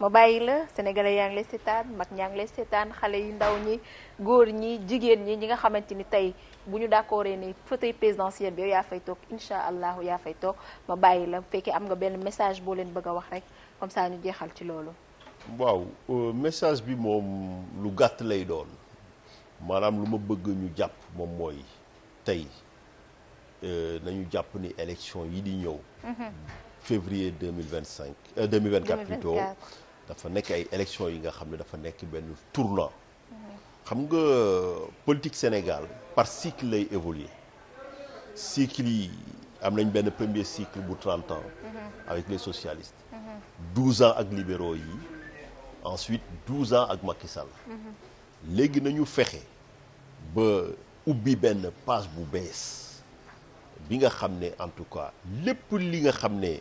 ma bàyyi la sénégalais yaa ngi lay seetaan mag ñaa ngi lay seetaan xale yu ndaw ñi góor ñi jigéen ñi ñi nga xamante ni tey bu ñu d'accord ni fauteuil présidentiel bi yow yaa fay toog incha allahu yaa fay toog ma bàyyi la bu fekkee am nga benn message boo leen bëgg a wax rek comme ça ñu jeexal ci loolu. waaw euh, message bi moom lu gàtt lay doon maanaam lu ma bëgg ñu jàpp moom mooy tey euh, nañu jàpp ni élection yi di ñëw. Mhm. février deux mille vingt cinq euh, deux mille vingt quatre dafa nekk ay élections yi nga xam ne dafa nekk benn tournant xam nga politique Sénégal par cycle lay évoluer cycle yi am nañ benn premier cycle bu 30 ans avec les socialistes 12 ans ak libéraux yi ensuite 12 ans ak makisal léegi nañu fexe ba ubbi benn page bu bees bi nga xam ne en tout cas lépp li nga xam ne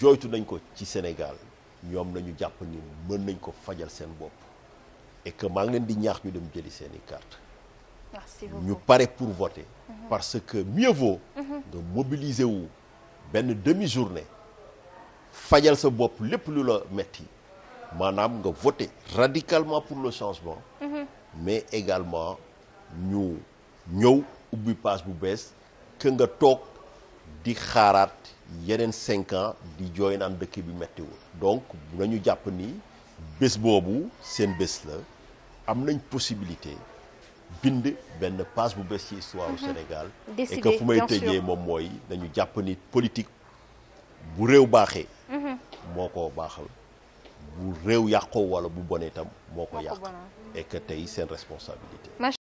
jooytu nañ ko ci Sénégal ñoom nañu jàpp ni mën nañ ko fajal seen bopp et que maa ngi leen di ñaax ñu dem jëli seen i carte ñu pare pour voter mhm. parce que mieux vaut mhm. nga mobiliser wu benn demi journée fajal sa bopp lépp lu la metti maanaam nga voter radicalement pour le changement mhm. mais également ñu ñëw ubbi passe bu bees que nga toog di xaaraat yeneen cinq di jooy naan dëkk bi méttiwul donc nañu jàpp ni bés boobu seen bés la am nañ possibilité bind benn page bu bés ci histoire au mhm. Sénégal et que fu may tëjee moom mooy dañu jàpp ni politique bu réew baaxee mhm. moo ko baaxal bu réew yàqoo wala bu bone itam moo ko yàq et tey seen responsabilité